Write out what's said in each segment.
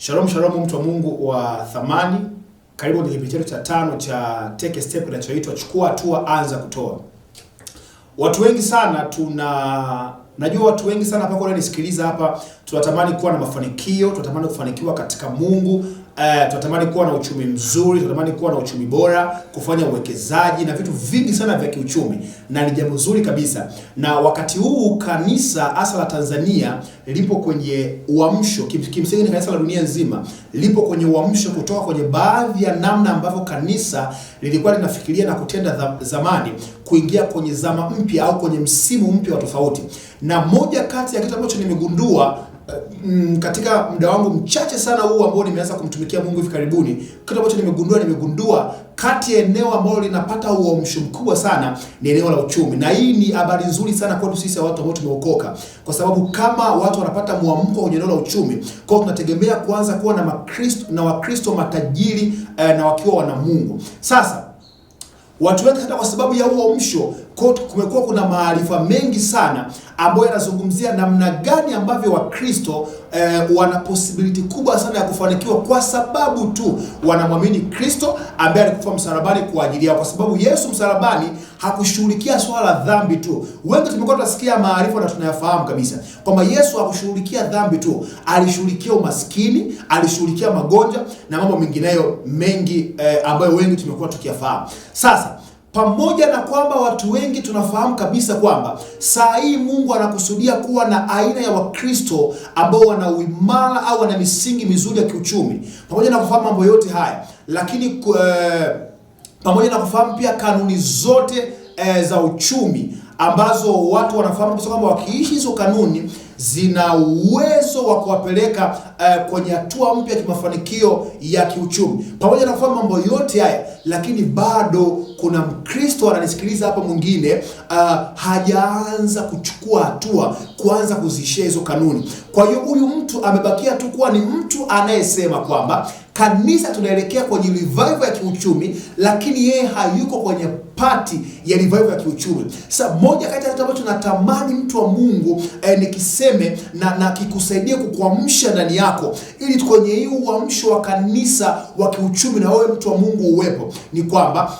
Shalom shalom, mtu wa Mungu wa thamani, karibu kwenye kipindi chetu cha tano cha Take a Step kinachoitwa chukua hatua, anza kutoa. Watu wengi sana tuna najua watu wengi sana hapa kwa nisikiliza hapa, tunatamani kuwa na mafanikio, tunatamani kufanikiwa katika Mungu, Uh, tunatamani kuwa na uchumi mzuri, tunatamani kuwa na uchumi bora, kufanya uwekezaji na vitu vingi sana vya kiuchumi, na ni jambo zuri kabisa. Na wakati huu kanisa hasa la Tanzania lipo kwenye uamsho, kimsingi ni kanisa la dunia nzima lipo kwenye uamsho kutoka kwenye baadhi ya namna ambavyo kanisa lilikuwa linafikiria na kutenda zamani, kuingia kwenye zama mpya au kwenye msimu mpya wa tofauti, na moja kati ya kitu ambacho nimegundua mm, katika muda wangu mchache sana huu ambao nimeanza kumtumikia Mungu hivi karibuni, kitu ambacho nimegundua nimegundua kati ya eneo ambalo linapata uamsho mkubwa sana ni eneo la uchumi, na hii ni habari nzuri sana kwetu sisi watu ambao tumeokoka, kwa sababu kama watu wanapata mwamko kwenye eneo la uchumi, kwa tunategemea kuanza kuwa na Makristo na Wakristo matajiri eh, na wakiwa wana Mungu. Sasa watu wengi hata kwa sababu ya uamsho kumekuwa kuna maarifa mengi sana ambayo yanazungumzia namna gani ambavyo Wakristo eh, wana possibility kubwa sana ya kufanikiwa kwa sababu tu wanamwamini Kristo ambaye alikufa msalabani kwa ajili yao, kwa sababu Yesu msalabani hakushughulikia swala la dhambi tu. Wengi tumekuwa tunasikia maarifa na tunayafahamu kabisa kwamba Yesu hakushughulikia dhambi tu, alishughulikia umaskini, alishughulikia magonjwa na mambo mengineyo mengi eh, ambayo wengi tumekuwa tukiyafahamu sasa pamoja na kwamba watu wengi tunafahamu kabisa kwamba saa hii Mungu anakusudia kuwa na aina ya Wakristo ambao wana uimara au wana misingi mizuri ya kiuchumi, pamoja na kufahamu mambo yote haya, lakini eh, pamoja na kufahamu pia kanuni zote eh, za uchumi ambazo watu wanafahamu kabisa kwamba wakiishi hizo kanuni zina uwezo wa kuwapeleka uh, kwenye hatua mpya ya kimafanikio ya kiuchumi. Pamoja na kufanya mambo yote haya, lakini bado kuna Mkristo ananisikiliza hapa mwingine, uh, hajaanza kuchukua hatua kuanza kuzishia hizo kanuni. Kwa hiyo huyu mtu amebakia tu kuwa ni mtu anayesema kwamba Kanisa tunaelekea kwenye revival ya kiuchumi, lakini yeye hayuko kwenye pati ya revival ya kiuchumi. Sasa moja kati ya kitu ambacho natamani mtu wa Mungu eh, nikiseme na na kikusaidie kukuamsha ndani yako, ili kwenye hii uamsho wa kanisa wa kiuchumi na wewe mtu wa Mungu uwepo, ni kwamba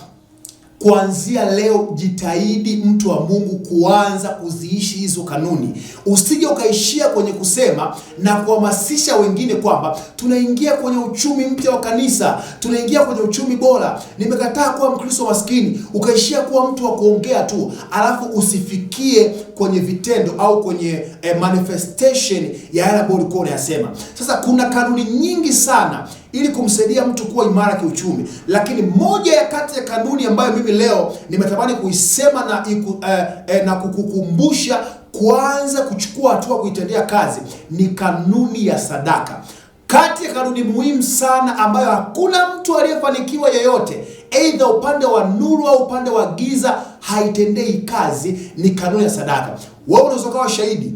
Kuanzia leo jitahidi mtu wa Mungu kuanza kuziishi hizo kanuni, usije ukaishia kwenye kusema na kuhamasisha wengine kwamba tunaingia kwenye uchumi mpya wa kanisa, tunaingia kwenye uchumi bora, nimekataa kuwa Mkristo maskini, ukaishia kuwa mtu wa kuongea tu, alafu usifikie kwenye vitendo au kwenye eh, manifestation ya yale ambayo ulikuwa unayasema. Sasa kuna kanuni nyingi sana ili kumsaidia mtu kuwa imara kiuchumi. Lakini moja ya kati ya kanuni ambayo mimi leo nimetamani kuisema na iku, eh, eh, na kukukumbusha kuanza kuchukua hatua kuitendea kazi ni kanuni ya sadaka. Kati ya kanuni muhimu sana ambayo hakuna mtu aliyefanikiwa yeyote, aidha upande wa nuru au upande wa giza, haitendei kazi ni kanuni ya sadaka. Wewe unaweza kuwa shahidi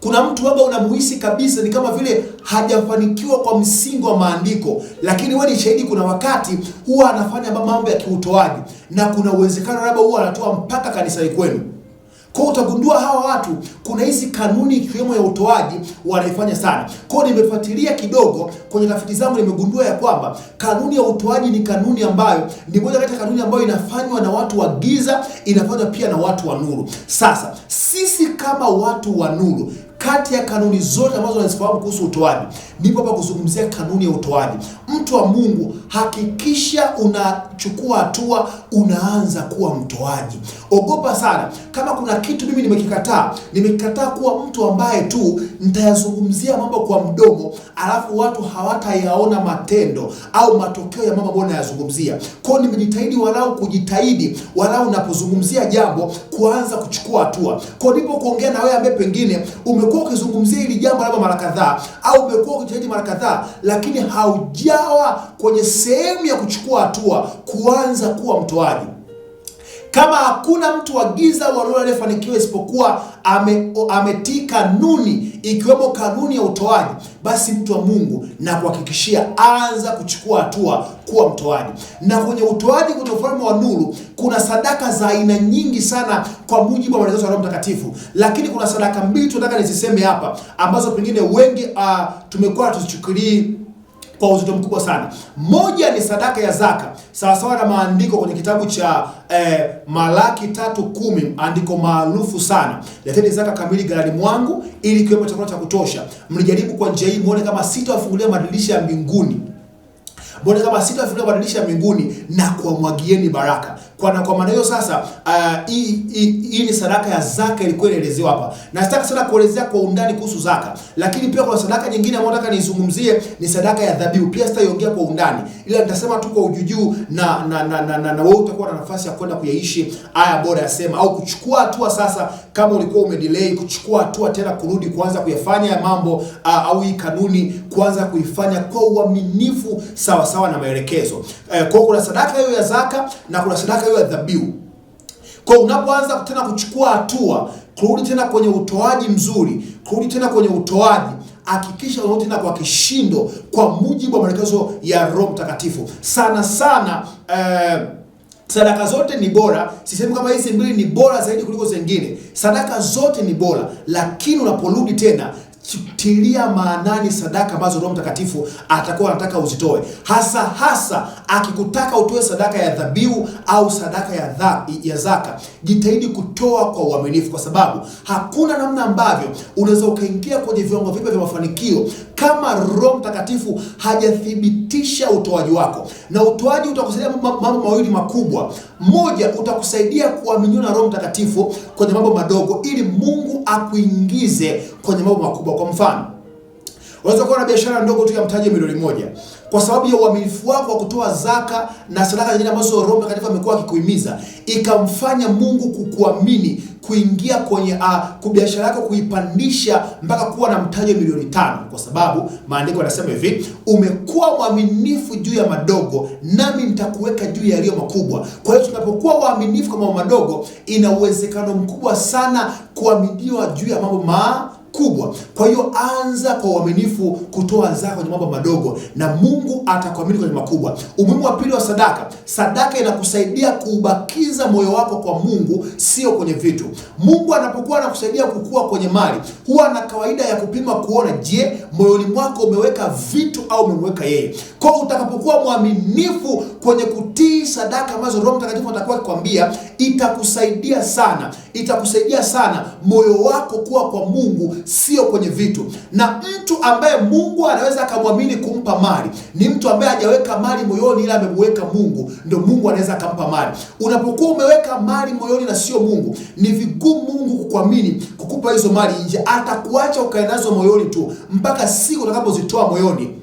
kuna mtu labda unamuhisi kabisa ni kama vile hajafanikiwa kwa msingi wa maandiko, lakini wewe ni shahidi, kuna wakati huwa anafanya mambo ya kiutoaji na kuna uwezekano labda huwa anatoa mpaka kanisani kwenu. Kwa utagundua hawa watu kuna hizi kanuni ikiwemo ya utoaji wanaifanya sana. Kwa nimefuatilia kidogo kwenye tafiti zangu, nimegundua ya kwamba kanuni ya utoaji ni kanuni ambayo ni moja kati ya kanuni ambayo inafanywa na watu wa giza, inafanywa pia na watu wa nuru. Sasa sisi kama watu wa nuru kati ya kanuni zote ambazo nazifahamu kuhusu utoaji, ndipo hapa kuzungumzia kanuni ya utoaji mtu wa Mungu, hakikisha unachukua hatua, unaanza kuwa mtoaji. Ogopa sana kama kuna kitu mimi nimekikataa, nimekikataa kuwa mtu ambaye tu nitayazungumzia mambo kwa mdomo, alafu watu hawatayaona matendo au matokeo ya mambo ambayo nayazungumzia. hiyo nimejitahidi walau kujitahidi walau unapozungumzia jambo kuanza kuchukua hatua. Kwa ndipo kuongea na wewe ambaye pengine umekuwa ukizungumzia hili jambo labda mara kadhaa au umekuwa ukijitahidi mara kadhaa, lakini hauja sawa kwenye sehemu ya kuchukua hatua, kuanza kuwa mtoaji. Kama hakuna mtu wa giza wa lolote aliyefanikiwa isipokuwa ame, ametii kanuni ikiwemo kanuni ya utoaji, basi mtu wa Mungu na kuhakikishia, anza kuchukua hatua kuwa mtoaji. Na kwenye utoaji kwenye ufalme wa nuru kuna sadaka za aina nyingi sana kwa mujibu wa maelezo ya Roho Mtakatifu, lakini kuna sadaka mbili tunataka niziseme hapa ambazo pengine wengi uh, tumekuwa tuzichukulii kwa uzito mkubwa sana. Moja ni sadaka ya zaka, sawasawa na maandiko kwenye kitabu cha eh, Malaki tatu kumi, andiko maarufu sana, leteni zaka kamili ghalani mwangu ili kiwepo chakula cha kutosha. Mlijaribu kwa njia hii muone kama sitawafungulia madirisha ya mbinguni, muone kama sitawafungulia madirisha ya mbinguni na kuwamwagieni baraka. Kwa na kwa maana hiyo sasa, uh, hii uh, hii ni sadaka ya zaka ilikuwa inaelezewa hapa, na sitaki sana kuelezea kwa undani kuhusu zaka, lakini pia kuna sadaka nyingine ambayo nataka nizungumzie ni sadaka ya dhabihu. Pia sitaiongea kwa undani, ila nitasema tu kwa ujujuu, na na na, na, na, na wewe utakuwa na nafasi ya kwenda kuyaishi haya bora yasema, au kuchukua hatua sasa, kama ulikuwa umedelay kuchukua hatua tena, kurudi kuanza kuyafanya mambo uh, au hii kanuni kuanza kuifanya kwa uaminifu sawa sawa na maelekezo uh, kwa kuna sadaka hiyo ya zaka na kuna sadaka wewe dhabihu. Kwa unapoanza tena kuchukua hatua, kurudi tena kwenye utoaji mzuri, kurudi tena kwenye utoaji hakikisha unarudi tena kwa kishindo kwa mujibu wa maelekezo ya Roho Mtakatifu. Sana sana eh, sadaka zote ni bora. Sisemi kama hizi mbili ni bora zaidi kuliko zingine, sadaka zote ni bora, lakini unaporudi tena tilia maanani sadaka ambazo Roho Mtakatifu atakuwa anataka uzitoe, hasa hasa akikutaka utoe sadaka ya dhabihu au sadaka ya, dha, ya zaka. Jitahidi kutoa kwa uaminifu, kwa sababu hakuna namna ambavyo unaweza ukaingia kwenye viwango vipya vya mafanikio kama Roho Mtakatifu hajathibitisha utoaji wako. Na utoaji utakusaidia mambo mawili makubwa. Moja, utakusaidia kuaminiwa na Roho Mtakatifu kwenye mambo madogo, ili Mungu akuingize kwenye mambo makubwa. Kwa mfano, unaweza kuwa na biashara ndogo tu ya mtaji milioni moja kwa sababu ya uaminifu wako wa kutoa zaka na sadaka zingine ambazo Roho Mtakatifu amekuwa akikuhimiza, ikamfanya Mungu kukuamini kuingia kwenye uh, biashara yako kuipandisha mpaka kuwa na mtaji wa milioni tano, kwa sababu maandiko yanasema hivi, umekuwa mwaminifu juu ya madogo, nami nitakuweka juu ya yaliyo makubwa. Kwa hiyo tunapokuwa waaminifu kwa mambo madogo, ina uwezekano mkubwa sana kuaminiwa juu ya mambo ma kubwa. Kwa hiyo anza kwa uaminifu kutoa zaka kwenye mambo madogo, na Mungu atakuamini kwenye makubwa. Umuhimu wa pili wa sadaka, sadaka inakusaidia kuubakiza moyo wako kwa Mungu, sio kwenye vitu. Mungu anapokuwa anakusaidia kukua kwenye mali, huwa na kawaida ya kupima kuona, je, moyoni mwako umeweka vitu au umemweka yeye? Kwa utakapokuwa mwaminifu kwenye kutii sadaka ambazo Roho Mtakatifu atakuwa akikwambia, itakusaidia sana, itakusaidia sana moyo wako kuwa kwa Mungu sio kwenye vitu. Na mtu ambaye Mungu anaweza akamwamini kumpa mali ni mtu ambaye hajaweka mali moyoni, ila amemweka Mungu, ndio Mungu anaweza akampa mali. Unapokuwa umeweka mali moyoni na sio Mungu, ni vigumu Mungu kukuamini kukupa hizo mali nje, atakuacha ukae nazo moyoni tu mpaka siku utakapozitoa moyoni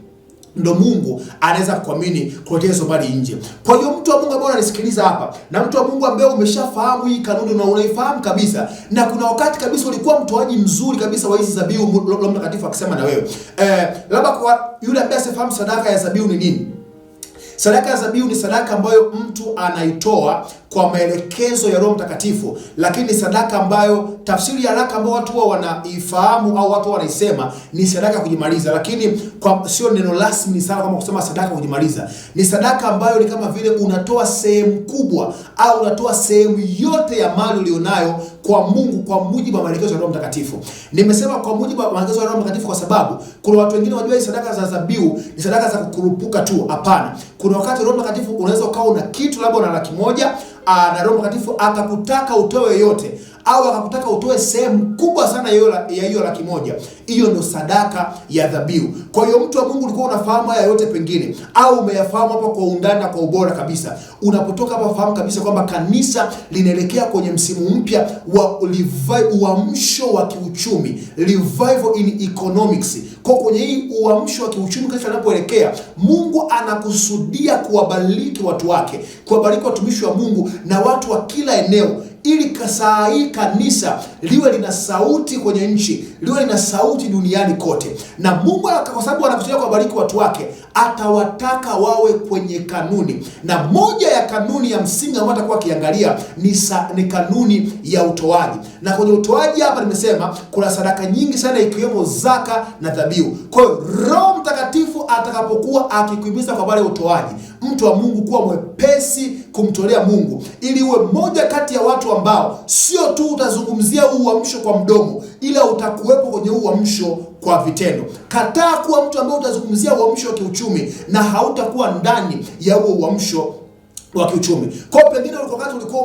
ndo Mungu anaweza kuamini kuletea hizo mali nje. Kwa hiyo mtu wa Mungu ambaye unanisikiliza hapa na mtu wa Mungu ambaye umeshafahamu hii kanuni na unaifahamu kabisa, na kuna wakati kabisa ulikuwa mtoaji mzuri kabisa wa hizi zabihu, Roho Mtakatifu akisema na wewe eh, labda kwa yule ambaye asifahamu sadaka ya zabihu ni nini. Sadaka ya zabihu ni sadaka ambayo mtu anaitoa kwa maelekezo ya Roho Mtakatifu, lakini sadaka ambayo tafsiri ya haraka ambayo watu wao wanaifahamu au watu wanaisema ni sadaka kujimaliza, lakini kwa sio neno rasmi sana kama kusema sadaka kujimaliza. Ni sadaka ambayo ni kama vile unatoa sehemu kubwa au unatoa sehemu yote ya mali ulionayo kwa Mungu kwa mujibu wa maelekezo ya Roho Mtakatifu. Nimesema kwa mujibu wa maelekezo ya Roho Mtakatifu kwa sababu kuna watu wengine wanajua sadaka za dhabihu ni sadaka za kukurupuka tu. Hapana, kuna wakati Roho Mtakatifu unaweza ukawa una kitu labda una laki moja Ah, na Roho Mtakatifu akakutaka utoe yote au akakutaka utoe sehemu kubwa sana ya hiyo laki moja, hiyo ndio sadaka ya dhabihu. Kwa hiyo mtu wa Mungu, ulikuwa unafahamu haya yote pengine, au umeyafahamu hapa kwa undani na kwa ubora kabisa. Unapotoka hapa, fahamu kabisa kwamba kanisa linaelekea kwenye msimu mpya wa uamsho wa kiuchumi, revival in economics kwa kwenye hii uamsho wa kiuchumi kanisa linapoelekea, Mungu anakusudia kuwabariki watu wake, kuwabariki watumishi wa Mungu na watu wa kila eneo ili saa hii kanisa liwe lina sauti kwenye nchi, liwe lina sauti duniani kote. Na Mungu kwa sababu anakusudia kuwabariki watu wake, atawataka wawe kwenye kanuni, na moja ya kanuni ya msingi ambayo atakuwa akiangalia ni, ni kanuni ya utoaji. Na kwenye utoaji hapa nimesema kuna sadaka nyingi sana, ikiwemo zaka na dhabihu. Kwa hiyo Roho Mtakatifu atakapokuwa akikuhimiza kwa bale ya utoaji mtu wa Mungu kuwa mwepesi kumtolea Mungu, ili uwe moja kati ya watu ambao sio tu utazungumzia uamsho kwa mdomo, ila utakuwepo kwenye uamsho kwa vitendo. Kataa kuwa mtu ambaye utazungumzia uamsho wa kiuchumi na hautakuwa ndani ya huo uamsho wa kiuchumi. Kwa hiyo pengine wakati ulikuwa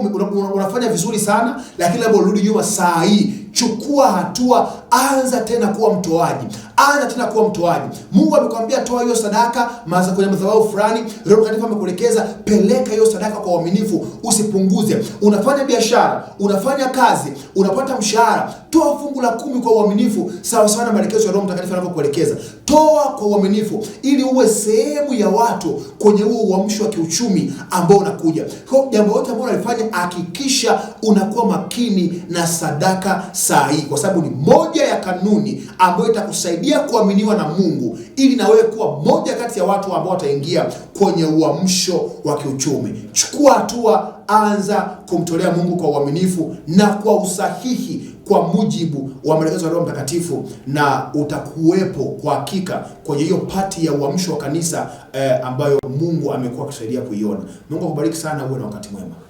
unafanya vizuri sana, lakini labda urudi nyuma saa hii, chukua hatua anza tena kuwa mtoaji, anza tena kuwa mtoaji. Mungu amekwambia toa hiyo sadaka maza kwenye madhabahu fulani, Roho Mtakatifu amekuelekeza peleka hiyo sadaka kwa uaminifu, usipunguze. Unafanya biashara, unafanya kazi, unapata mshahara, toa fungu la kumi kwa uaminifu, sawa sawa na maelekezo ya Roho Mtakatifu anavyokuelekeza. Toa kwa uaminifu ili uwe sehemu ya watu kwenye huo uamsho wa kiuchumi ambao unakuja. Jambo yote ambalo unalifanya, hakikisha unakuwa makini na sadaka sahihi, kwa sababu ni moja moja ya kanuni ambayo itakusaidia kuaminiwa na Mungu ili na wewe kuwa moja kati ya watu ambao wataingia kwenye uamsho wa kiuchumi. Chukua hatua, anza kumtolea Mungu kwa uaminifu na kwa usahihi kwa mujibu wa maelekezo ya Roho Mtakatifu, na utakuwepo kwa hakika kwenye hiyo pati ya uamsho wa kanisa eh, ambayo Mungu amekuwa akisaidia kuiona. Mungu akubariki sana, uwe na wakati mwema.